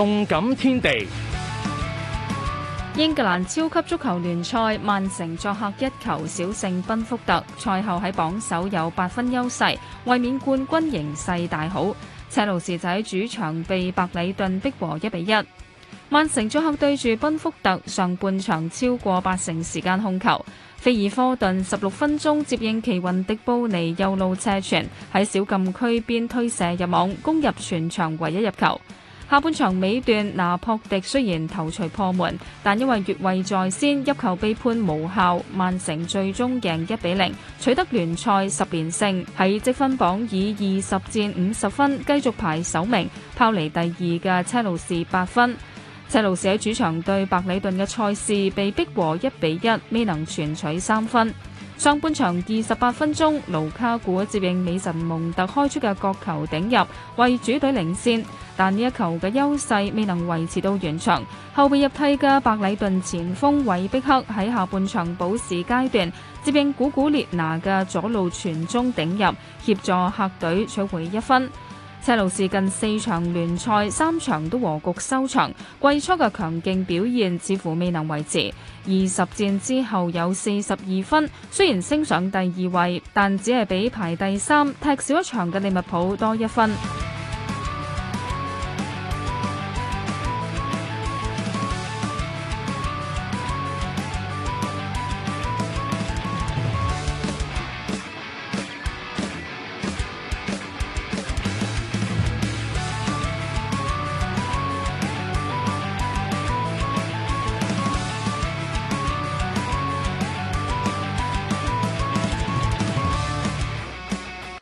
動感天地，英格蘭超級足球聯賽，曼城作客一球小勝賓福特，賽後喺榜首有八分優勢，衛冕冠軍形勢大好。車路士仔主場被白禮頓逼和一比一，曼城作客對住賓福特，上半場超過八成時間控球。菲爾科頓十六分鐘接應奇雲迪布尼右路斜傳，喺小禁區邊推射入網，攻入全場唯一入球。下半場尾段，拿破迪雖然頭槌破門，但因為越位在先，一球被判無效。曼城最終贏一比零，取得聯賽十連勝，喺積分榜以二十戰五十分繼續排首名，拋離第二嘅車路士八分。車路士喺主場對白禮頓嘅賽事被逼和一比一，未能全取三分。上半場二十八分鐘，盧卡古接應美神蒙特開出嘅角球頂入，為主隊領先。但呢一球嘅優勢未能維持到完場。後備入替嘅白禮頓前鋒韋碧克喺下半場補時階段接應古古列拿嘅左路傳中頂入，協助客隊取回一分。車路士近四場聯賽，三場都和局收場，季初嘅強勁表現似乎未能維持。二十戰之後有四十二分，雖然升上第二位，但只係比排第三踢少一場嘅利物浦多一分。